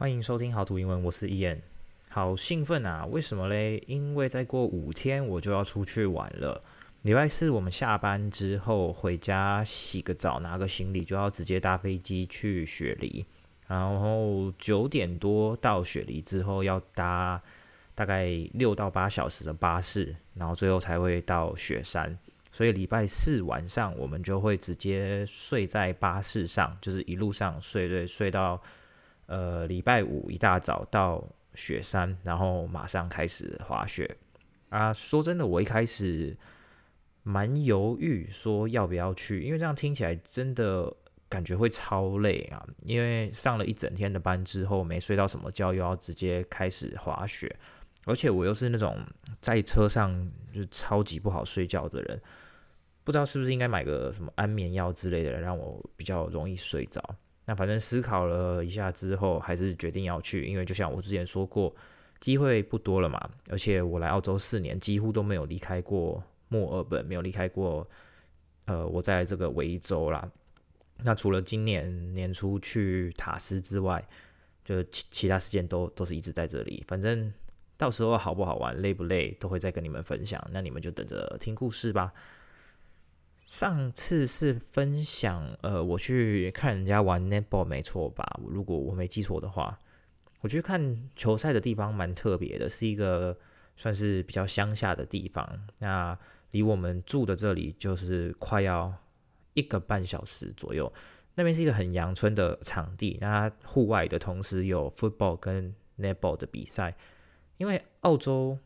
歡迎收聽好土英文，我是 Ian，好興奮啊！為什麼嘞？因為再過五天我就要出去玩了。禮拜四我們下班之後回家洗個澡，拿個行李就要直接搭飛機去雪梨，然後九點多到雪梨之後要搭大概六到八小時的巴士，然後最後才會到雪山。所以禮拜四晚上我們就會直接睡在巴士上，就是一路上睡睡睡到。呃，禮拜五一大早到雪山，然後馬上開始滑雪。啊，說真的，我一開始蠻猶豫，說要不要去，因為這樣聽起來真的感覺會超累啊。因為上了一整天的班之後，沒睡到什麼覺，又要直接開始滑雪，而且我又是那種在車上就超級不好睡覺的人，不知道是不是應該買個什麼安眠藥之類的，讓我比較容易睡着。那反正思考了一下之後，還是決定要去，因為就像我之前說過，機會不多了嘛。而且我來澳洲四年，幾乎都沒有離開過墨爾本，沒有離開過呃，我在這個維州啦。那除了今年年初去塔斯之外，就其其他時間都都是一直在這裡。反正到時候好不好玩、累不累，都會再跟你們分享。那你們就等着聽故事吧。上次是分享，呃，我去看人家玩 netball，沒錯吧？如果我沒記錯的話，我去看球賽的地方蠻特別的，是一個算是比較鄉下的地方。那離我們住的這裡就是快要一個半小時左右。那邊是一個很陽春的場地，那戶外的，同時有 football 跟 netball 的比賽。因為澳洲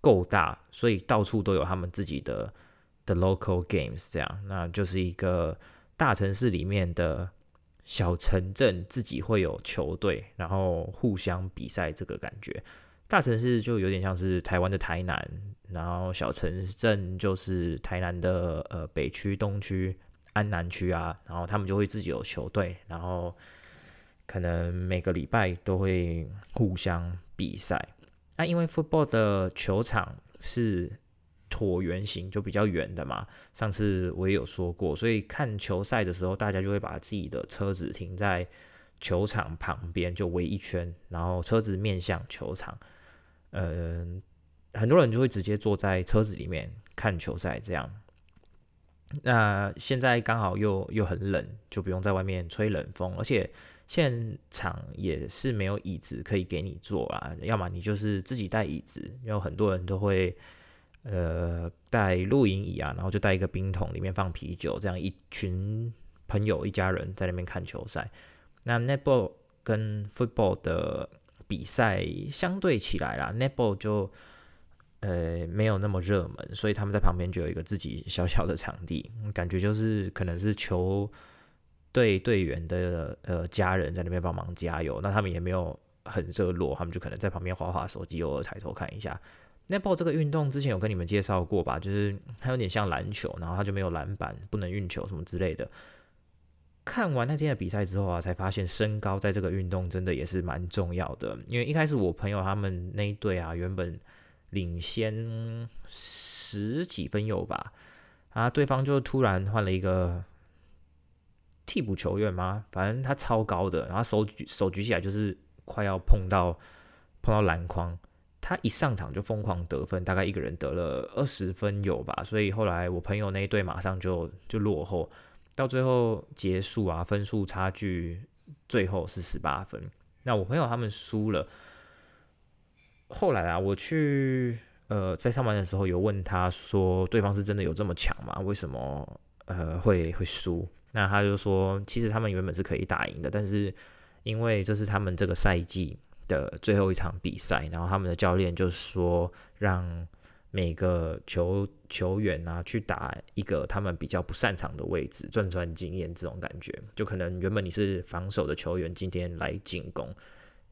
夠大，所以到處都有他們自己的。The local games 這樣，那就是一個大城市裡面的小城鎮自己會有球隊，然後互相比賽這個感覺。大城市就有點像是台灣的台南，然後小城鎮就是台南的呃北區、東區、安南區啊，然後他們就會自己有球隊，然後可能每個禮拜都會互相比賽。那、啊、因為 football 的球場是。橢圓形就比較圓的嘛，上次我也有說過，所以看球賽的時候，大家就會把自己的車子停在球場旁邊，就圍一圈，然後車子面向球場，嗯，很多人就會直接坐在車子裡面看球賽這樣。那現在剛好又又很冷，就不用在外面吹冷風，而且現場也是沒有椅子可以給你坐啦，要麼你就是自己帶椅子，有很多人都會。呃，帶露營椅啊，然後就帶一個冰桶，裡面放啤酒，這樣一群朋友、一家人在那邊看球賽。那 netball 跟 football 的比賽相對起來啦，netball 就呃沒有那麼熱門，所以他們在旁邊就有一個自己小小的場地，感覺就是可能是球隊隊員的呃家人在那邊幫忙加油。那他們也沒有很熱絡，他們就可能在旁邊滑滑手機，偶爾抬頭看一下。Netball 這個運動之前有跟你們介紹過吧，就是他有點像籃球，然後他就沒有籃板，不能運球什麼之類的。看完那天的比賽之後啊，才發現身高在這個運動真的也是蠻重要的。因為一開始我朋友他們那一隊啊，原本領先十幾分有吧，啊，對方就突然換了一個替補球員嗎？反正他超高的，然後手舉手舉起來就是快要碰到碰到籃筐他一上場就瘋狂得分，大概一個人得了二十分有吧，所以後來我朋友那一隊馬上就就落後，到最後結束啊，分數差距最後是十八分，那我朋友他們輸了。後來啊，我去呃在上班的時候有問他說，對方是真的有這麼強嗎？為什麼呃會會輸？那他就說，其實他們原本是可以打贏的，但是因為這是他們這個賽季。的最後一場比賽，然後他們的教練就是說，讓每個球球員啊去打一個他們比較不擅長的位置，賺賺經驗這種感覺。就可能原本你是防守的球員，今天來進攻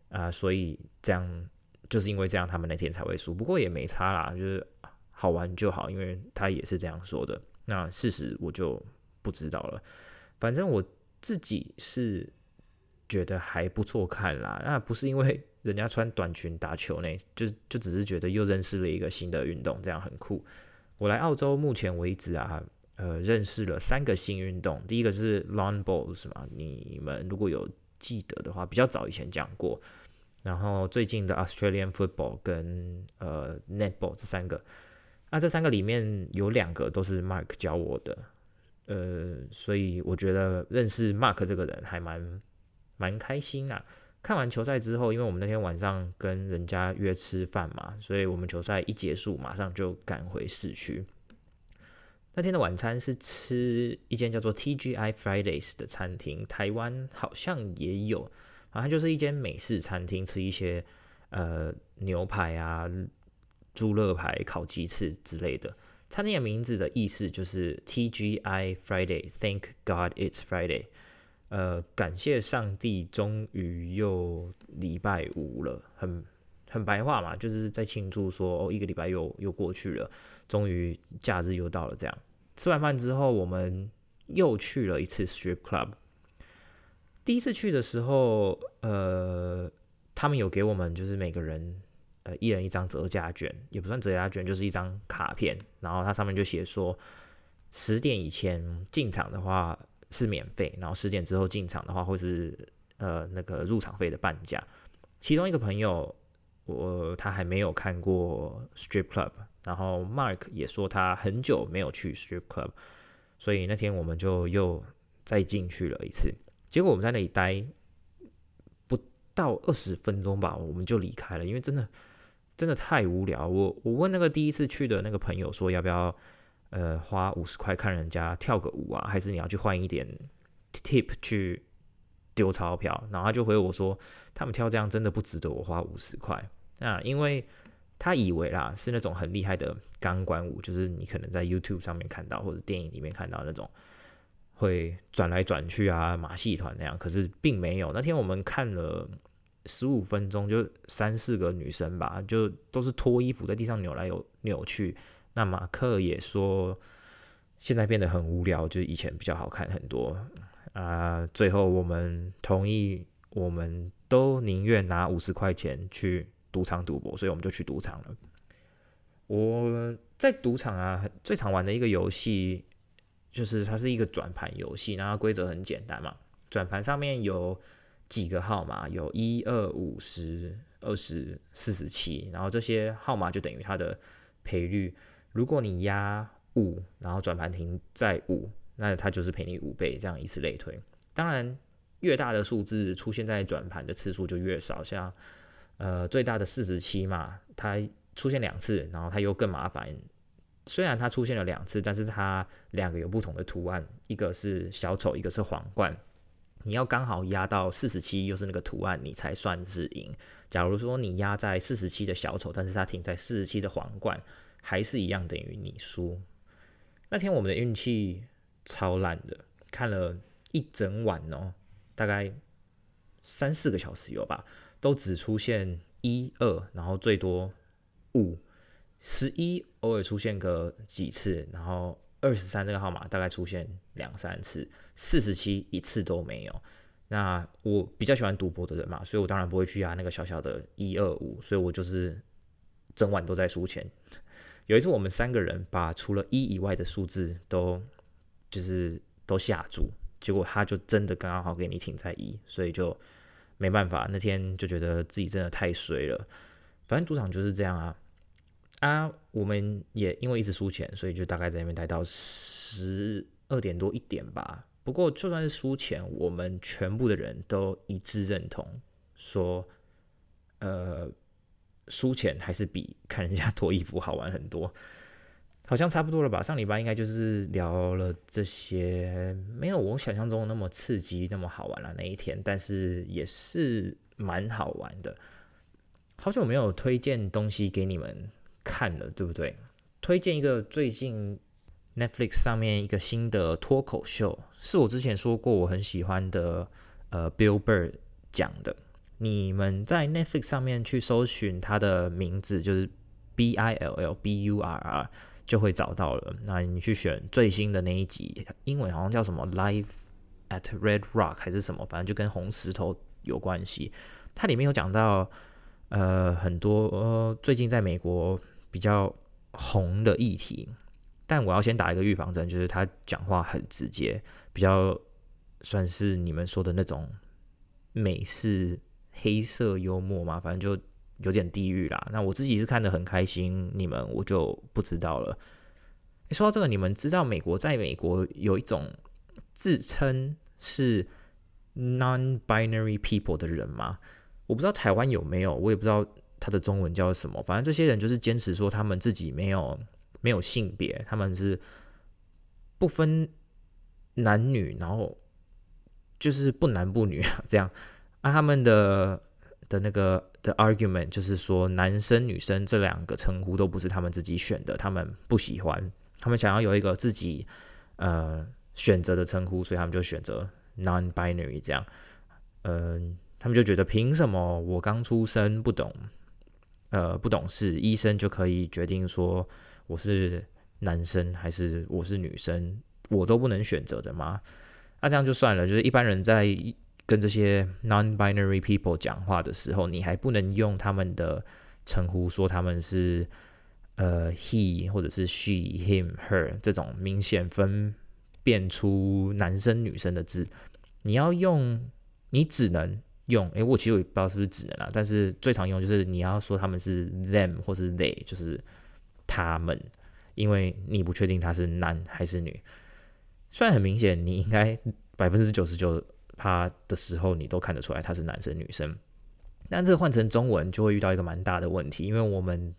啊、呃，所以這樣就是因為這樣，他們那天才會輸。不過也沒差啦，就是好玩就好，因為他也是這樣說的。那事實我就不知道了，反正我自己是。覺得還不錯，看啦，那不是因為人家穿短裙打球呢，就就只是覺得又認識了一個新的運動，這樣很酷。我來澳洲目前為止啊，呃，認識了三個新運動，第一個是 lawn bowls 嘛，你們如果有記得的話，比較早以前講過。然後最近的 Australian Football 跟呃 Netball 這三個，啊，這三個裡面有兩個都是 Mark 教我的，呃，所以我覺得認識 Mark 這個人還蠻，蠻開心啊！看完球賽之後，因為我們那天晚上跟人家約吃飯嘛，所以我們球賽一結束，馬上就趕回市區。那天的晚餐是吃一間叫做 TGI Fridays 的餐廳，台灣好像也有，然後它就是一間美式餐廳，吃一些呃牛排啊、豬肋排、烤雞翅之類的。餐廳的名字的意思就是 TGI Friday，Thank God It's Friday。呃，感謝上帝，終於又禮拜五了，很很白話嘛，就是在慶祝說哦，一個禮拜又又過去了，終於假日又到了這樣。吃完飯之後，我們又去了一次 Strip Club。第一次去的時候，呃，他們有給我們就是每個人呃一人一張折價券，也不算折價券，就是一張卡片，然後它上面就寫說十點以前進場的話。是免費，然後十點之後進場的話，會是呃那個入場費的半價。其中一個朋友，我他還沒有看過 Strip Club，然後 Mark 也說他很久沒有去 Strip Club，所以那天我們就又再進去了一次。結果我們在那裡待不到二十分鐘吧，我們就離開了，因為真的真的太無聊。我我問那個第一次去的那個朋友說要不要。呃，花五十塊看人家跳個舞啊，還是你要去換一點 tip 去丟鈔票？然後他就回我說，他們跳這樣真的不值得我花五十塊。那因為他以為啦，是那種很厲害的鋼管舞，就是你可能在 YouTube 上面看到，或者電影裡面看到那種會轉來轉去啊，馬戲團那樣。可是並沒有，那天我們看了十五分鐘，就三四個女生吧，就都是脫衣服在地上扭來扭去。那馬克也說，現在變得很無聊，就是以前比較好看很多。啊，最後我們同意，我們都寧願拿五十塊錢去賭場賭博，所以我們就去賭場了。我在賭場啊，最常玩的一個遊戲就是它是一個轉盤遊戲，然後規則很簡單嘛，轉盤上面有幾個號碼，有一、二、五、十、二十、四十七，然後這些號碼就等於它的賠率。如果你壓五，然後轉盤停在五，那它就是賠你五倍，這樣以此類推。當然，越大的數字出現在轉盤的次數就越少。像呃最大的四十七嘛，它出現兩次，然後它又更麻煩。雖然它出現了兩次，但是它兩個有不同的圖案，一個是小丑，一個是皇冠。你要剛好壓到四十七，又是那個圖案，你才算是贏。假如說你壓在四十七的小丑，但是它停在四十七的皇冠。還是一樣等於你輸。那天我們的運氣超爛的，看了一整晚哦，大概三四個小時有吧，都只出現一二，然後最多五十一，偶爾出現個幾次，然後二十三這個號碼大概出現兩三次，四十七一次都沒有。那我比較喜歡賭博的人嘛，所以我當然不會去押、啊、那個小小的一二五，所以我就是整晚都在輸錢。有一次，我們三個人把除了一以外的數字都就是都下注，結果他就真的剛剛好給你停在一，所以就沒辦法。那天就覺得自己真的太衰了。反正賭場就是這樣啊啊！我們也因為一直輸錢，所以就大概在那邊待到十二點多一點吧。不過就算是輸錢，我們全部的人都一致認同說，呃。輸錢還是比看人家脫衣服好玩很多，好像差不多了吧？上禮拜應該就是聊了這些，沒有我想象中那麼刺激，那麼好玩了，啊，那一天，但是也是蠻好玩的。好久沒有推薦東西給你們看了，對不對？推薦一個最近 Netflix 上面一個新的脫口秀，是我之前說過我很喜歡的，呃，Bill Burr 講的。你們在 Netflix 上面去搜尋他的名字，就是 B I L L B U R R，就會找到了。那你去選最新的那一集，英文好像叫什麼 “Life at Red Rock” 還是什麼，反正就跟紅石頭有關係。它裡面有講到呃很多最近在美國比較紅的議題。但我要先打一個預防針，就是他講話很直接，比較算是你們說的那種美式。黑色幽默嘛，反正就有點地獄啦。那我自己是看得很開心，你們我就不知道了。說到這個，你們知道美國在美國有一種自稱是 non-binary people 的人嗎？我不知道台灣有沒有，我也不知道他的中文叫什麼。反正這些人就是堅持說他們自己沒有沒有性別，他們是不分男女，然後就是不男不女啊，這樣。那、啊、他們的的那個的 argument 就是說，男生、女生這兩個稱呼都不是他們自己選的，他們不喜歡，他們想要有一個自己呃選擇的稱呼，所以他們就選擇 non-binary 這樣。嗯、呃，他們就覺得憑什麼我剛出生不懂呃不懂事，醫生就可以決定說我是男生還是我是女生，我都不能選擇的嗎？那、啊、這樣就算了，就是一般人在。跟這些 non-binary people 講話的時候，你還不能用他們的稱呼說他們是呃 he 或者是 she him her 這種明顯分辨出男生女生的字，你要用你只能用誒，我其實我也不知道是不是只能啦，但是最常用就是你要說他們是 them 或是 they 就是他們，因為你不確定他是男還是女。雖然很明顯，你應該百分之九十九。他的時候，你都看得出來他是男生女生。但這個換成中文就會遇到一個蠻大的問題，因為我們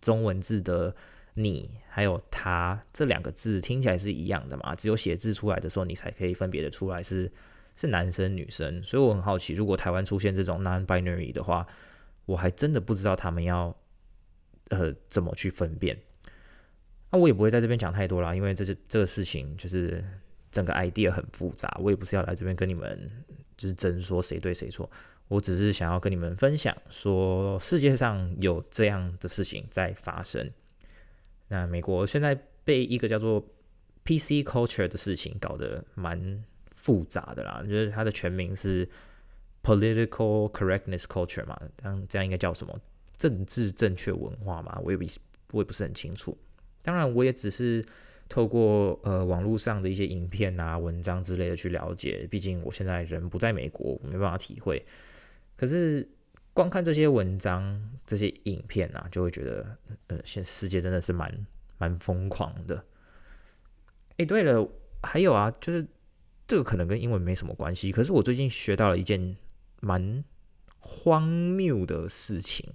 中文字的“你”還有“他”這兩個字聽起來是一樣的嘛，只有寫字出來的時候，你才可以分別的出來是是男生女生。所以我很好奇，如果台灣出現這種 non-binary 的話，我還真的不知道他們要呃怎麼去分辨。那、啊、我也不會在這邊講太多啦，因為這是這個事情就是。整個 idea 很複雜，我也不是要來這邊跟你們就是爭說誰對誰錯，我只是想要跟你們分享說世界上有這樣的事情在發生。那美國現在被一個叫做 PC culture 的事情搞得蠻複雜的啦，就是它的全名是 political correctness culture 嘛，這樣應該叫什麼？政治正確文化嘛？我也不是我也不是很清楚。當然，我也只是。透過呃網絡上的一些影片啊、文章之類的去了解，畢竟我現在人不在美國，我沒辦法體會。可是光看這些文章、這些影片啊，就會覺得呃，現世界真的是蠻蠻瘋狂的。哎、欸，對了，還有啊，就是這個可能跟英文沒什麼關係，可是我最近學到了一件蠻荒謬的事情。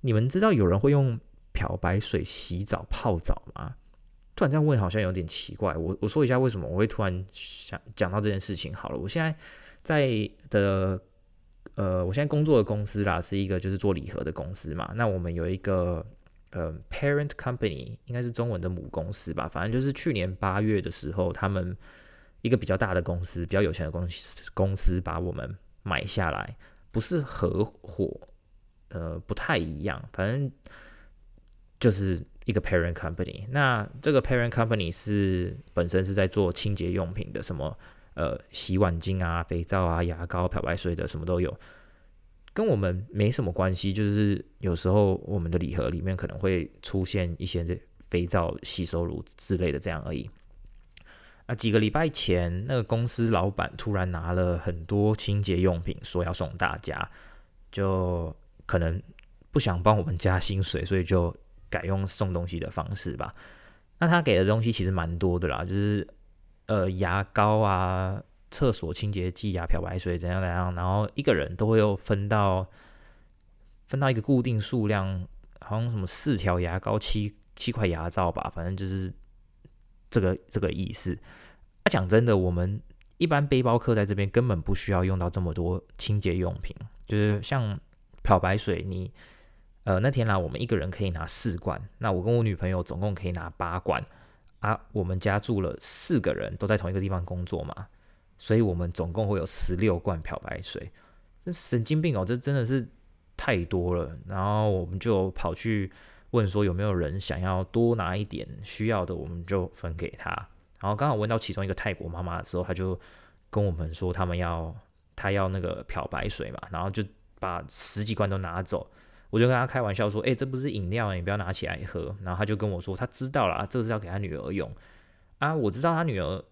你們知道有人會用漂白水洗澡泡澡嗎？突然這樣問好像有點奇怪，我我說一下為什麼我會突然想講到這件事情。好了，我現在在的呃，我現在工作的公司啦，是一個就是做禮盒的公司嘛。那我們有一個呃，parent company，應該是中文的母公司吧。反正就是去年八月的時候，他們一個比較大的公司，比較有錢的公司公司把我們買下來，不是合夥，呃，不太一樣。反正就是。一個 parent company，那這個 parent company 是本身是在做清潔用品的，什麼呃洗碗精啊、肥皂啊、牙膏、漂白水的，什麼都有，跟我們沒什麼關係。就是有時候我們的禮盒裡面可能會出現一些肥皂、洗手乳之類的這樣而已。那，幾個禮拜前，那個公司老板突然拿了很多清潔用品，說要送大家，就可能不想幫我們加薪水，所以就。改用送東西的方式吧。那他給的東西其實蠻多的啦，就是呃牙膏啊、廁所清潔劑、啊、啊漂白水怎樣怎樣，然後一個人都會有分到分到一個固定數量，好像什麼四條牙膏、七七塊牙皂吧，反正就是這個這個意思。啊，講真的，我們一般背包客在這邊根本不需要用到這麼多清潔用品，就是像漂白水你。呃，那天啦，啊，我們一個人可以拿四罐，那我跟我女朋友總共可以拿八罐啊。我們家住了四個人，都在同一個地方工作嘛，所以我們總共會有十六罐漂白水。這神經病哦，這真的是太多了。然後我們就跑去問說有沒有人想要多拿一點，需要的我們就分給他。然後剛好問到其中一個泰國媽媽的時候，她就跟我們說他們要，她要那個漂白水嘛，然後就把十幾罐都拿走。我就跟他開玩笑說：“哎、欸，這不是飲料，你不要拿起來喝。”然後他就跟我說：“他知道啦，這是要給他女兒用。”啊，我知道他女兒，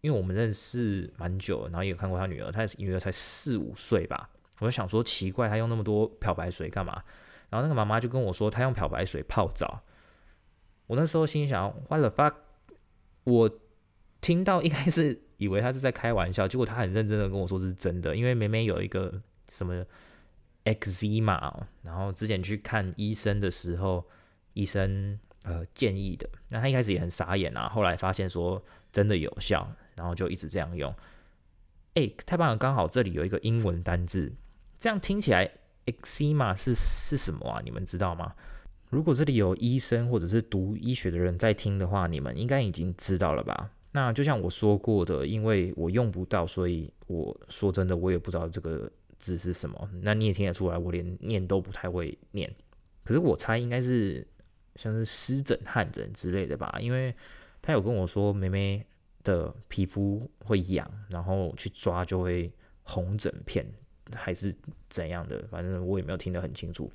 因為我們認識蠻久，然後也有看過他女兒，他女兒才四五歲吧。我就想說奇怪，他用那麼多漂白水幹嘛？然後那個媽媽就跟我說，他用漂白水泡澡。我那時候心想：What the fuck！我聽到一開始以為他是在開玩笑，結果他很認真的跟我說是真的，因為美國有一個什麼。Eczema，然後之前去看醫生的時候，醫生呃建議的，那他一開始也很傻眼啊，後來發現說真的有效，然後就一直這樣用。誒，太棒了，剛好這裡有一個英文單字，這樣聽起來 Eczema 是是什麼啊？你們知道嗎？如果這裡有醫生或者是讀醫學的人在聽的話，你們應該已經知道了吧？那就像我說過的，因為我用不到，所以我說真的，我也不知道這個。字是什麼？那你也聽得出來，我連念都不太會念。可是我猜應該是像是濕疹、汗疹之類的吧，因為他有跟我說妹妹的皮膚會癢，然後去抓就會紅整片，還是怎樣的？反正我也沒有聽得很清楚。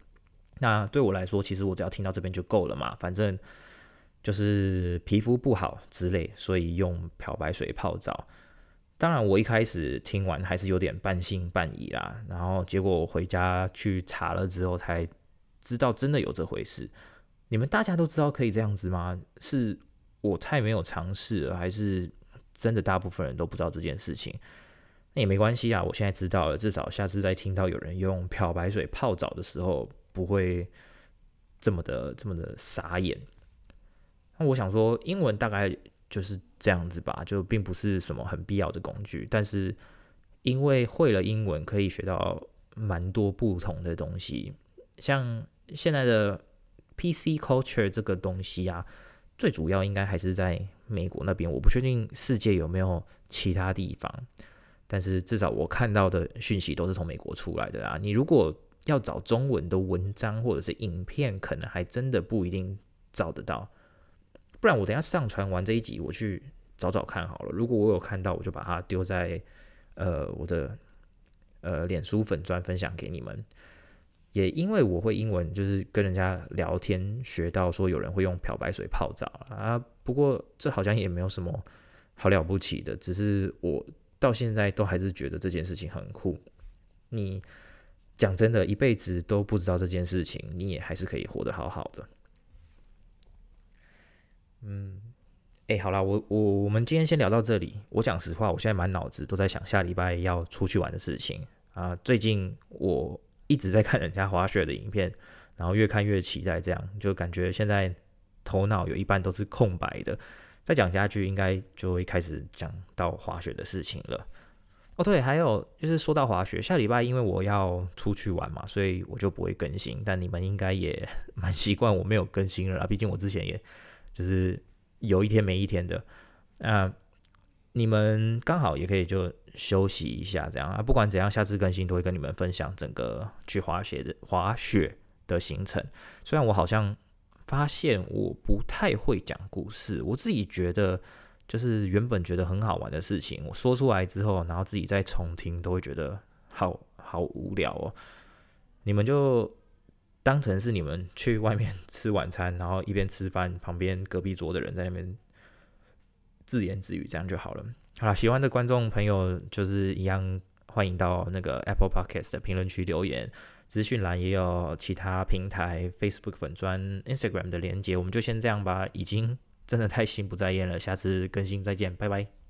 那對我來說，其實我只要聽到這邊就夠了嘛，反正就是皮膚不好之類，所以用漂白水泡澡。當然，我一開始聽完還是有點半信半疑啦，然後結果我回家去查了之後，才知道真的有這回事。你們大家都知道可以這樣子嗎？是我太沒有嘗試，還是真的大部分人都不知道這件事情？那也沒關係啊，我現在知道了，至少下次再聽到有人用漂白水泡澡的時候，不會這麼的這麼的傻眼。那我想說，英文大概。就是這樣子吧，就並不是什麼很必要的工具，但是因為會了英文，可以學到蠻多不同的東西，像現在的 PC culture 這個東西啊，最主要應該還是在美國那邊，我不確定世界有沒有其他地方，但是至少我看到的訊息都是從美國出來的啊。你如果要找中文的文章或者是影片，可能還真的不一定找得到。不然我等一下上傳完這一集，我去找找看好了。如果我有看到，我就把它丟在呃我的呃臉書粉專分享給你們。也因為我會英文，就是跟人家聊天，學到說有人會用漂白水泡澡啊。不過這好像也沒有什麼好了不起的，只是我到現在都還是覺得這件事情很酷。你講真的一輩子都不知道這件事情，你也還是可以活得好好的。嗯，誒、欸，好啦。我我我們今天先聊到這裡。我講實話，我現在滿腦子都在想下禮拜要出去玩的事情啊。最近我一直在看人家滑雪的影片，然後越看越期待，這樣就感覺現在頭腦有一半都是空白的。再講下去，應該就會開始講到滑雪的事情了。哦，對，還有就是說到滑雪，下禮拜因為我要出去玩嘛，所以我就不會更新。但你們應該也蠻習慣我沒有更新了啊，畢竟我之前也。就是有一天沒一天的，那、呃、你們剛好也可以就休息一下，這樣啊。不管怎樣，下次更新都會跟你們分享整個去滑雪的滑雪的行程。雖然我好像發現我不太會講故事，我自己覺得就是原本覺得很好玩的事情，我說出來之後，然後自己再重聽，都會覺得好好無聊哦。你們就。當成是你們去外面吃晚餐，然後一邊吃飯，旁邊隔壁桌的人在那邊自言自語，這樣就好了。好了，喜歡的觀眾朋友就是一樣，歡迎到那個 Apple Podcast 的評論區留言，資訊欄也有其他平台 Facebook 粉專 Instagram 的連結。我們就先這樣吧，已經真的太心不在焉了，下次更新再見，拜拜。